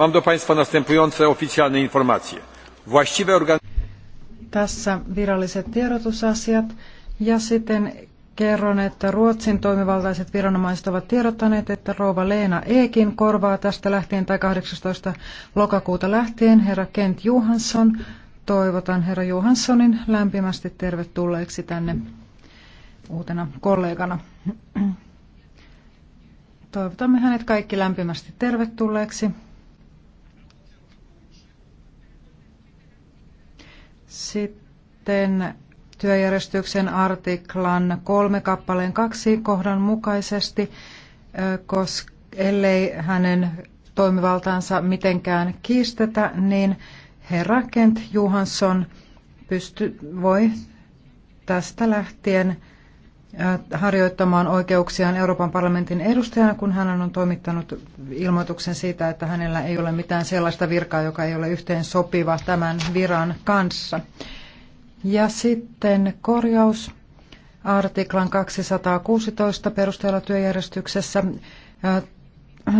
Mam do Państwa następujące oficjalne informacje. Właściwe organy... Tässä viralliset tiedotusasiat ja sitten kerron, että Ruotsin toimivaltaiset viranomaiset ovat tiedottaneet, että rouva Leena Ekin korvaa tästä lähtien tai 18. lokakuuta lähtien herra Kent Johansson. Toivotan herra Johanssonin lämpimästi tervetulleeksi tänne uutena kollegana. Toivotamme hänet kaikki lämpimästi tervetulleeksi. Sitten työjärjestyksen artiklan kolme kappaleen kaksi kohdan mukaisesti, koska ellei hänen toimivaltaansa mitenkään kiistetä, niin herra Kent Johansson pysty, voi tästä lähtien harjoittamaan oikeuksiaan Euroopan parlamentin edustajana, kun hän on toimittanut ilmoituksen siitä, että hänellä ei ole mitään sellaista virkaa, joka ei ole yhteen sopiva tämän viran kanssa. Ja sitten korjaus artiklan 216 perusteella työjärjestyksessä